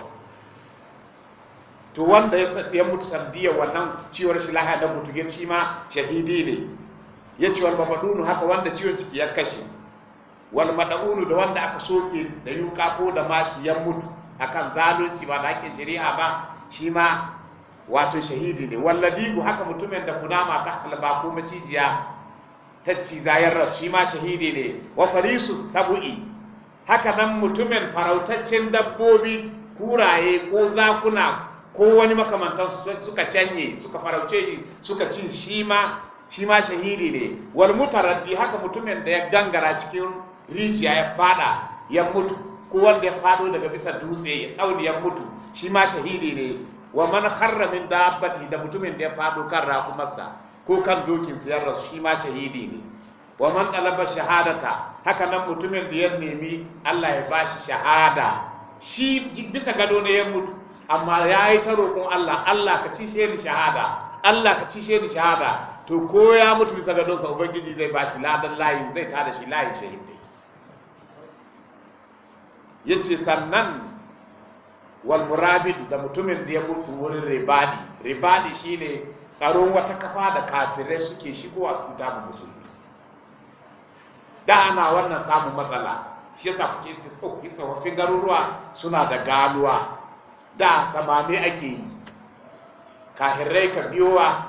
to wanda ya ya mutu sandiya wannan ciwon shi lahaya da mutugin shi ma shahidi ne ya ci wal mafadunu haka wanda ciwon ciki ya kashe wal madaunu da wanda aka soke da yuka ko da mashi ya mutu a kan zalunci ba da ake shari'a ba shi ma wato shahidi ne walladigu haka mutumin da kunama ta halba ko macijiya ta cizayar rasu shi ma shahidi ne wa farisu sabu'i haka nan mutumin farautaccen dabbobi kuraye ko zakuna ko wani makamantan suka canye suka farauce shi suka cin shi ma shahidi ne wal mutaraddi haka mutumin da ya gangara cikin rijiya ya fada ya mutu ko wanda ya fado daga bisa dutse ya tsauni ya mutu shi ma shahidi ne wa man kharra min dabbati da mutumin da ya fado kan rakumarsa ko kan dokin sa ya rasu shi ma shahidi ne wa man talaba shahadata haka nan mutumin da ya nemi Allah ya bashi shahada shi bisa gado ne ya mutu amma ya yi ta roƙon Allah Allah ka ci shi shahada Allah ka ci shi shahada to ko ya mutu bisa gado sa ubangiji zai bashi ladan layin zai tada shi layin shahidai yace sannan wal murabid da mutumin da ya mutu wurin ribadi ribadi shine tsaron wata kafa da kafirai suke shigowa su ta musulmi da ana wannan samun matsala shi yasa kuke iske tsokokin tsofaffin garuruwa suna da galuwa da samame ake yi kahirrai ka biyowa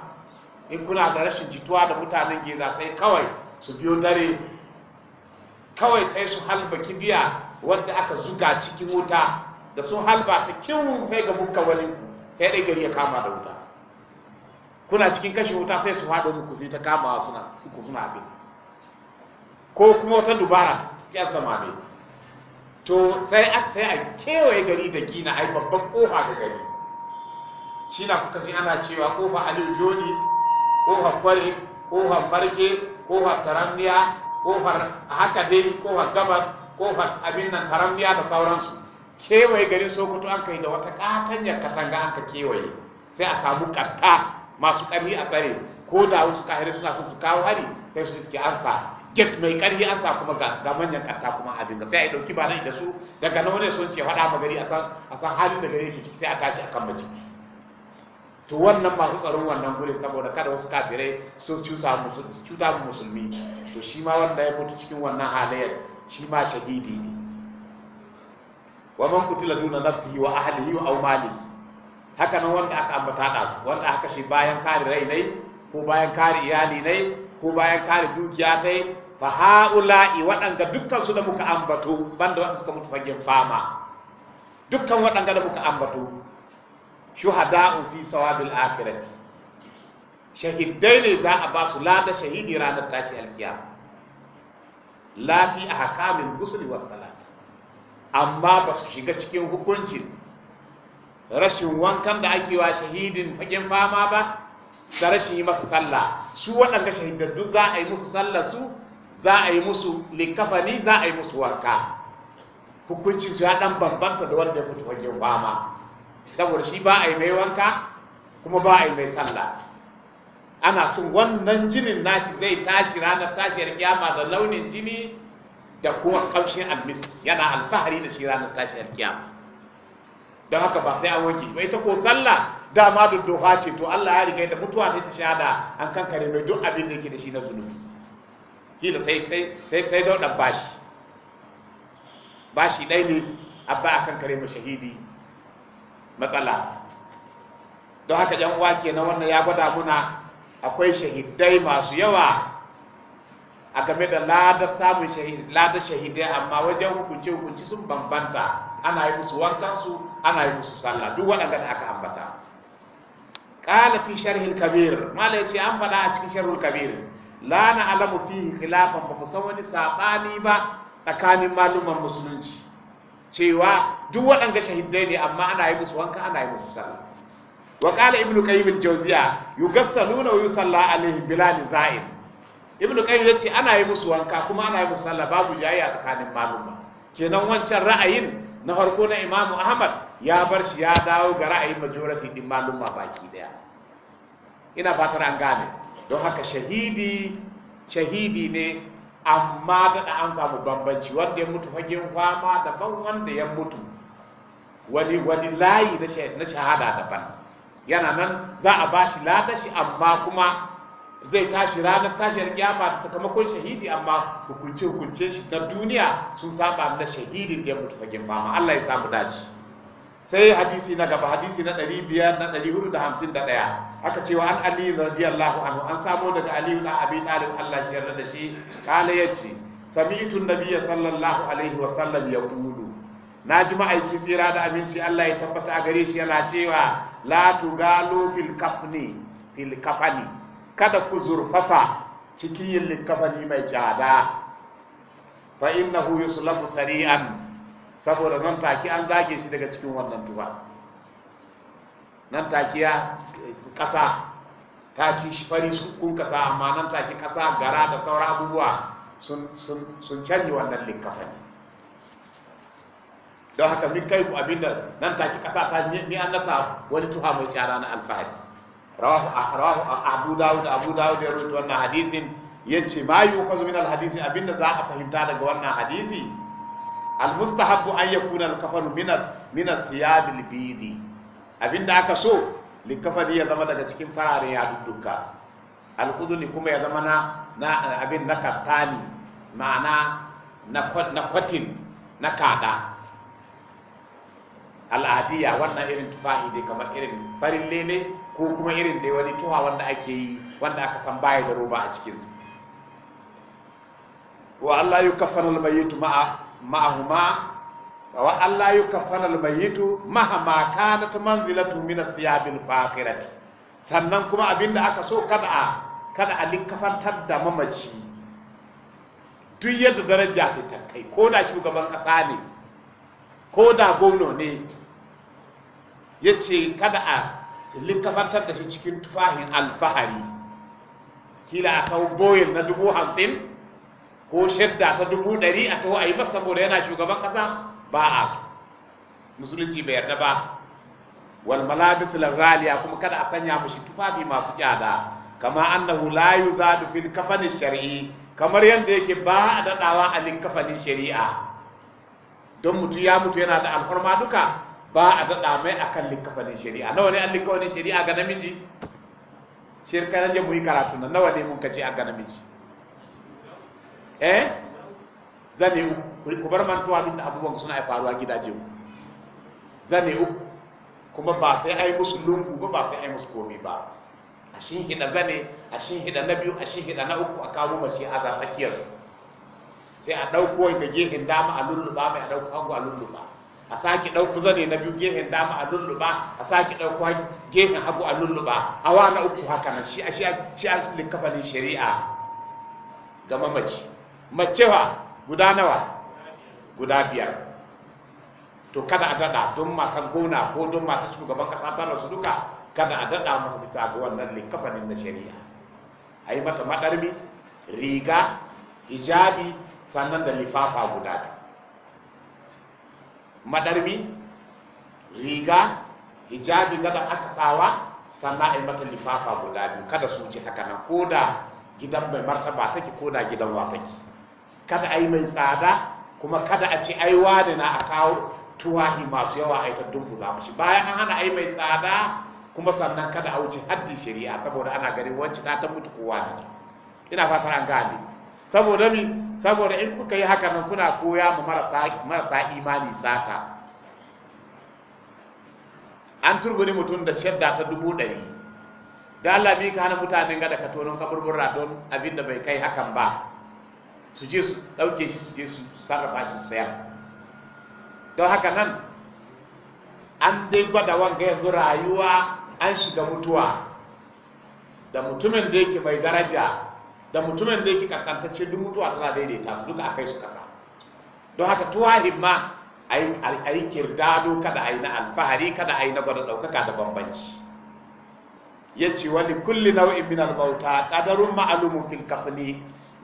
in kuna da rashin jituwa da mutanen geza sai kawai su biyo dare kawai sai su halba kibiya wadda aka zuga cikin wuta da sun halba ta sai ga muka wani sai dai gari ya kama da wuta kuna cikin kashin wuta sai su haɗa muku sai ta kama suna abin ko kuma wata dubara zama samari to sai a sai a kewaye gari da gina ai babban kofa ga gari shi na kuka ana cewa kofa aliyu joni kofa kware kofa barke kofa taramniya kofa haka dai kofa gabas kofa abin nan Tarambiya da sauransu kewaye garin sokoto an kai da wata katanyar katanga aka kewaye sai a samu karta masu ƙarfi a tsare ko da wasu kahiri suna son su kawo hari sai su iske ansa get mai karfi an sa kuma ga manyan karta kuma abin ga sai a dauki ba da su daga nan wani sun ce faɗa ma gari a san halin da gari ke ciki sai a tashi kan mace to wannan masu tsaron wannan gure saboda kada wasu kafirai su cuta musulmi to shi ma wanda ya mutu cikin wannan halayyar shi ma shahidi ne wa man kutila duna nafsihi wa ahlihi wa malihi haka nan wanda aka ambata da wanda aka shi bayan kare rai ne ko bayan kare iyali ne ko bayan kare dukiya tai fa haula'i waɗanga dukkan su da muka ambato banda waɗanda suka mutu fagen fama dukkan waɗanga da muka ambato shuhada'u fi sawabil akhirati shahidai ne za a ba su lada shahidi ranar tashi alkiyama la fi ahkamin gusuli wa salati amma ba su shiga cikin hukuncin rashin wankan da ake wa shahidin fagen fama ba da rashin yi masa sallah su waɗanda shahidaddu za a yi musu sallah su za a yi musu likafani za a yi musu wanka hukuncin su ya dan bambanta da wanda ya mutu wajen ma saboda shi ba a yi mai wanka kuma ba a yi mai sallah ana son wannan jinin nashi zai tashi ranar tashiyar kiyama da launin jini da kuma kamshin almis yana alfahari da shi ranar tashiyar kiyama don haka ba sai an wanke ba ita ko sallah dama da doha ce to Allah ya riga da mutuwa ne ta shahada an kankare mai duk abin da yake da shi na zunubi kila sai sai sai sai daudan bashi bashi dai ne abba akan kare mu shahidi matsala don haka yan uwa kenan wannan ya gwada muna akwai shahidai masu yawa a game da lada samun lada shahidai amma wajen hukunci hukunci sun bambanta ana yi musu wankansu ana yi musu sallah duk waɗanda da aka ambata qala fi sharhil kabir malai ce an fada a cikin sharhul kabir la na alamu fi khilafan ba ku san wani sabani ba tsakanin maluman musulunci cewa duk waɗanga shahidai ne amma ana yi musu wanka ana yi musu sallah wa qala ibnu qayyim al-jawziya yugassaluna wa yusalla alayhi bila nizain ibnu qayyim yace ana yi musu wanka kuma ana yi musu sallah babu jayya tsakanin maluma kenan wancan ra'ayin na farko na imamu ahmad ya bar shi ya dawo ga ra'ayin majority din maluma baki daya ina fatar an gane don haka shahidi shahidi ne amma da an samu bambanci wanda ya mutu fagen fama daban wanda ya mutu wani wani layi na shahada daban yana nan za a ba shi lada amma kuma zai tashi ranar tashiyar kiyama da sakamakon shahidi amma hukunce hukunce shi na duniya sun saba na shahidin da ya mutu fagen fama Allah ya samu dace sai hadisi na gaba hadisi na 500 na aka cewa an ali radiyallahu anhu an samo daga ali ibn abi talib Allah shi yarda da shi kala yace sami'tu nabiyya sallallahu alaihi wa sallam yaqulu naji ma'aiki tsira da aminci Allah ya tabbata a gare shi yana cewa la tugalu fil kafni fil kafani kada ku zurfafa cikin yin likafani mai jada fa innahu yuslamu sari'an saboda nan take an zage shi daga cikin wannan tufa nan take ya ƙasa ta ci shi fari kun ƙasa amma nan take ƙasa gara da sauran abubuwa sun canyi wannan likkafan don haka min kai ku abinda nan take ƙasa ta ni an nasa wani tuha mai tsara na alfahari rawahu abu dawud abu dawud ya rawaito wannan hadisin yace ma yuqazu min alhadisi abinda za a fahimta daga wannan hadisi almustahabu an yakuna alkafanu minas ya asiyabil bidi abinda aka so likafani ya zama daga cikin fararen yadudduka alkuduni kuma ya zama na abin na kattani ma'ana na kwatin na kada al'adiya wannan irin tufahi dai kamar irin farin lele ko kuma irin dai wani tuwa wanda ake yi wanda aka san baya da roba a cikinsa wa Allah yukaffanul mayyitu ma'a ma'ahuma wa Allah yukaffana almayitu mahama ta manzilatu min siyabil faqirati sannan kuma abinda aka so kada a kada a likafantar da mamaci duk yadda daraja ta kai ko da shugaban kasa ne ko da gono ne yace kada a likafantar da shi cikin tufahin alfahari kila a sau boyin na dubu hamsin ko shadda ta dubu ɗari a taho a yi masa saboda yana shugaban ƙasa ba a su musulunci bai yarda ba wal malabis ghaliya kuma kada a sanya mushi tufafi masu kyada kama annahu la yuzadu fil kafani shar'i kamar yadda yake ba a daɗawa a kafanin shari'a don mutum ya mutu yana da alfarma duka ba a daɗa mai akan kafanin shari'a nawa ne an kafanin shari'a ga namiji shirka je mu yi karatu na nawa ne mun kace a ga namiji eh zane uku ku bar mantuwa duk da abubuwan suna faruwa gidaje ku zane uku kuma ba sai ai musu lungu ba ba sai ai musu komi ba a shin hida zane a shin hida na biyu a shin hida na uku a kawo mace a zafakiyar su sai a ɗauko ga gehen dama a lulluba mai a ɗauko hagu a lulluba a sake ɗauko zane na biyu gehen dama a lulluba a sake ɗauko gehen hagu a lulluba a wa na uku haka nan shi a shi a shi a likkafanin shari'a ga mamaci Macewa guda nawa guda biyar to kada a dada don matan gona ko don matan shugaban kasa ta nasu duka kada a dada masa bisa ga wannan likafanin na shari'a a yi mata madarmi riga hijabi sannan da lifafa guda madarmi riga hijabi gada aka tsawa sannan a yi mata lifafa guda biyu kada su wuce haka nan ko da gidan mai martaba take ko da gidan wa take kada a yi mai tsada kuma kada a ce ai wani na a kawo tuwahi masu yawa a ita dumbuza shi. bayan an hana a yi mai tsada kuma sannan kada a wuce haddin shari'a saboda ana ganin wancan ta mutu kowa ne ina fatan an gane saboda mi saboda in kuka yi haka nan kuna koya ma marasa imani saka an turbini mutum da shadda ta dubu ɗari da Allah mi ka hana mutanen gada ka tonon kaburbura don abin da bai kai hakan ba su je su ɗauke shi su je su sarrafa shi tsaya don haka nan an dai gwada wanga yanzu rayuwa an shiga mutuwa da mutumin da yake mai daraja da mutumin da yake kaskantacce duk mutuwa tana daidaita su duka akai su kasa don haka tuwa himma a yi kirdado kada a yi na alfahari kada a yi na gwada ɗaukaka da bambanci ya ce wani kulli nau'in min al-mauta qadarun ma'lumun fil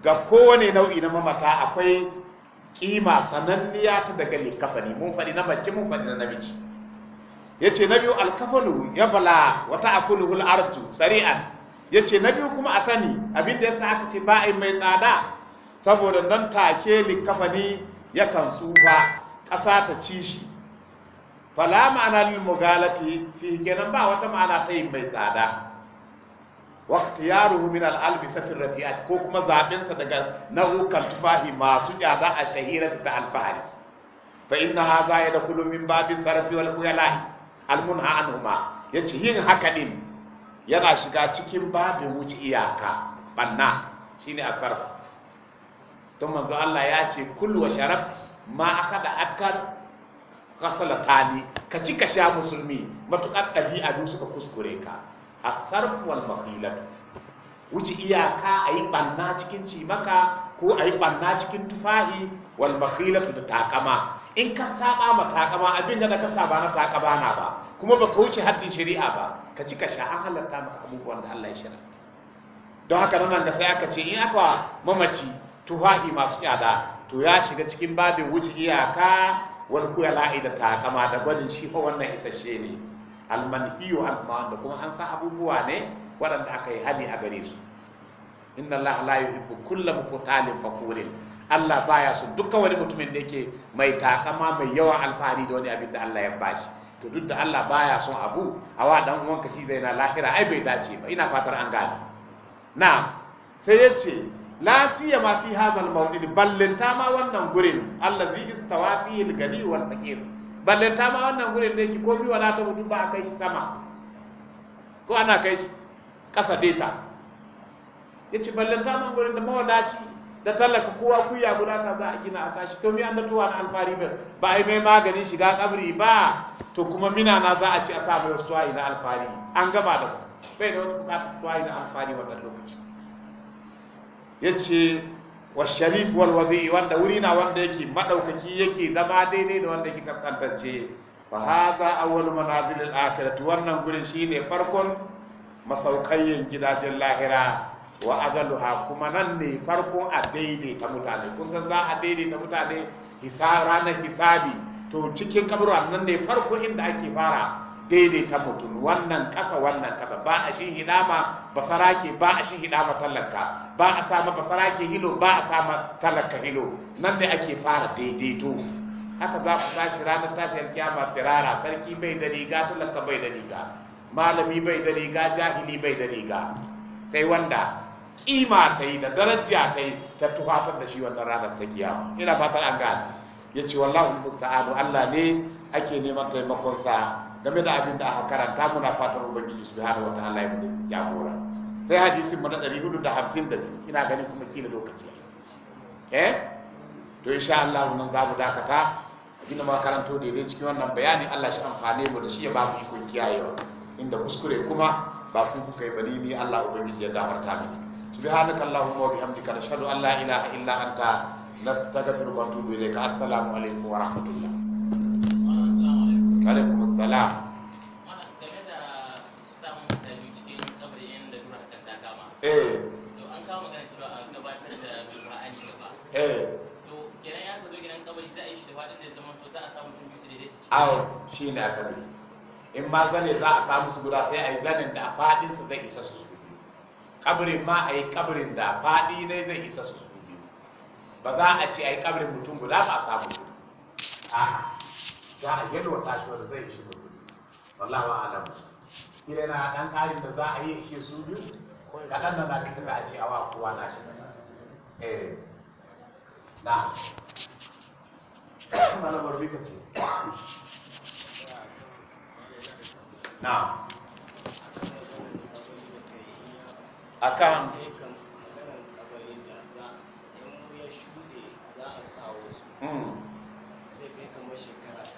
ga kowane nau'i na mamata akwai kima sananniya ta daga likafani mun faɗi na mace mun faɗi na namiji ya ce na biyu alkafanu ya bala wata akuluhul artu sari'an ya ce na biyu kuma a sani abinda ya sa aka ce ba ba'in mai tsada saboda nan take likafani ya kan tsufa ƙasa ta ci shi fala ma'ana lil mugalati fi kenan ba wata ma'ana ta yin mai tsada waqtiyaruhu min al-albisati rafi'at ko kuma zaben sa daga nau'ukan tufahi masu tsada a shahiratu ta alfahari fa inna hadha yadkhulu min babi sarfi wal khuyala al-munha anhuma yace yin haka din yana shiga cikin babin wuce iyaka banna shine asarf Tun manzo Allah ya ce kullu wa sharab ma akada atkar kasala tani ka ci ka sha musulmi matukar ɗabi'a suka kuskure ka a sarfuwar makulatu wuce iyaka a yi ɓanna cikin cimaka ko a yi ɓanna cikin tufahi wal da takama in ka saba ma takama abin da ka saba na takama na ba kuma ba ka wuce haddin shari'a ba ka ci ka sha an halatta maka abubuwan da Allah ya shirya don haka nan da sai aka ce in aka mamaci tufahi masu yada to ya shiga cikin babin wuce iyaka wal kuyala'i da takama da gwanin shi fa wannan isasshe ne almanhiyu alman da kuma an sa abubuwa ne waɗanda aka yi hali a gare su inna allaha la yuhibbu kulla muqtalin fakurin Allah baya su dukkan wani mutumin da yake mai takama mai yawa alfahari da wani abin da Allah ya bashi to duk da Allah baya son abu a wa dan ka shi zai na lahira ai bai dace ba ina fatar an gane na sai yace ce la siyama fi hadha al ballanta ma wannan gurin allazi istawa fihi al-ghani wal faqir ballanta ma wannan gurin da yake komi wala ta mutu ba a kai shi sama ko ana kai shi ƙasa deta ya ce ballanta ma gurin da mawadaci da tallaka kowa kuya guda ta za a gina a sashi to mi an natuwa na alfari ba ba a yi mai maganin shiga kabri ba to kuma mina na za a ci a samu wasu tuwa na alfari an gama da su bai da wata bukatar tuwa na alfari wannan lokaci ya ce wa sharif wal wadi wanda wuri na wanda yake madaukaki yake zama daidai da wanda yake kaskantacce fa hadha awwal manazil al akhirati wannan gurin shine farkon masaukayin gidajen lahira wa kuma nan ne farkon a ta mutane kun san za a ta mutane ranar hisabi to cikin kaburwa nan ne farko inda ake fara daidaita mutum wannan kasa wannan kasa ba a shi hidama basarake ba a shi hidama talaka ba a sama sarake hilo ba a sama talaka hilo nan da ake fara daidaito haka za ku tashi ranar tashi alkiyama sirara sarki bai da riga talaka bai da riga malami bai da riga jahili bai da riga sai wanda kima ta yi da daraja ta yi ta tufatar da shi wannan ranar ta kiyama ina fatan an gane ya ce wallahu musta'anu Allah ne ake neman taimakonsa game da abin da aka karanta muna fatan ubangiji subhanahu wa ta'ala ya mu jagora sai hadisin mu na 452 ina ganin kuma kila lokaci eh to insha Allah nan za mu dakata abinda ma karanto daidai cikin wannan bayani Allah shi amfane mu da shi ya ba mu ikon kiyayewa inda kuskure kuma ba ku kuka yi bari ni Allah ubangiji ya gafarta mu subhanaka allahumma wa bihamdika nashhadu an la ilaha illa anta nastaghfiruka wa natubu ilayka assalamu alaikum wa rahmatullah alaikum assalam eh to an kawo magana cewa a gabatar da mai qur'ani gaba eh to kenan ya zo gidan kabari za a yi shi da fadin da zama, to za a samu tun biyu su daidai shi ne aka bi in ma zane za a samu su guda sai a yi zanin da a fadin sa zai isa su su biyu kabarin ma a yi kabarin da fadi ne zai isa su su biyu ba za a ce a yi kabarin mutum guda ba a samu a za a yalwata shi wanda zai ishi mutum alam yana dan karin da za a yi ishe su biyu kaɗan da na da da a ce awa kowa na shi eh na mana barbi ka ce na akan za hmm. hmm. zai kai kamar shekara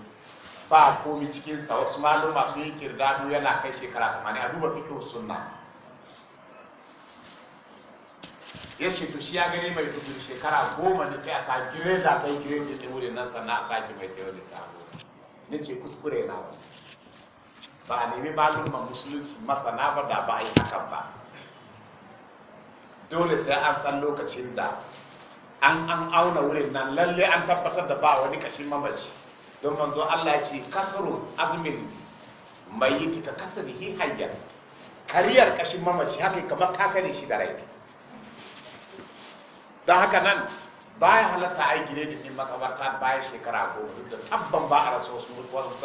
ba komi cikin cikinsa wasu malum masu yi kirdadu yana kai shekara mani a duba fikin sunna ya ce to shi ya gani mai dubu shekara goma ne sai a sa da kai da ta wurin nan sannan a sake mai sayar da sabo ne ce kuskure na wani ba a nemi ma musulunci masana ba da ba a yi hakan ba dole sai an san lokacin da an an auna wurin nan lalle an tabbatar da ba wani kashin mamaci don manzo Allah ce kasarun azmin tika ka kasarihi hayya kariyar kashin mamaci haka kamar ka shi da rai don haka nan baya halatta a yi gine da ɗin makabarta bayan shekara goma duk da tabban ba a rasa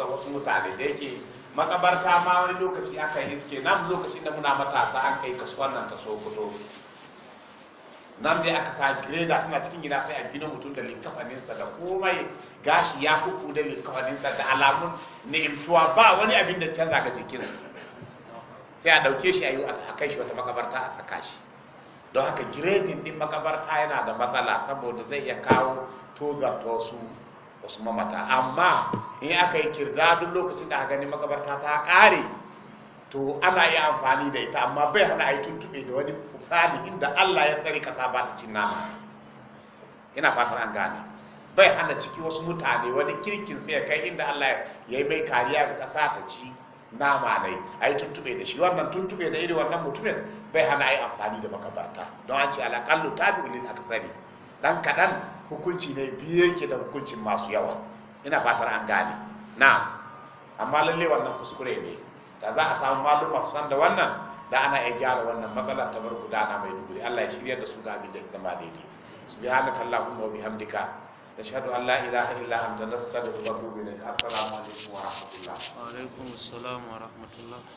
wasu mutane da yake makabarta ma wani lokaci aka yi iske nan lokacin da muna matasa an kai kasuwan nan ta so kuto nan ne aka sa greda tana cikin gida sai a gina mutum da likafaninsa da komai gashi ya kuku da likafaninsa da alamun imtuwa ba wani abin da canza ga jikinsa sai a ɗauke shi a yi a kai shi wata makabarta a saka shi don haka giredin din makabarta yana da matsala saboda zai iya kawo tozarta wasu wasu mamata amma in aka yi kirda duk lokacin da aka gani makabarta ta ƙare to ana yi amfani da ita amma bai hana a yi tuntube da wani misali inda Allah ya tsare kasa ba ta cin nama ina fatan an gane bai hana ciki wasu mutane wani kirkin sai ya kai inda Allah ya yi mai kariya ga kasa ta ci nama ne a yi tuntube da shi wannan tuntube da iri wannan mutumin bai hana a yi amfani da makabarta don an ce alakallu ta bi aka sani, dan kaɗan hukunci ne biye ke da hukuncin masu yawa ina fatan an gane na amma lalle wannan kuskure ne da za a samu malum san da wannan da ana iya gyara wannan matsalar ta bar gudana mai duguri Allah ya shirya da su ga abin da zama daidai subhanaka allahumma wa bihamdika nashhadu an la ilaha illa anta nastaghfiruka wa natubu ilayk assalamu alaikum wa rahmatullah wa alaikum assalam wa rahmatullah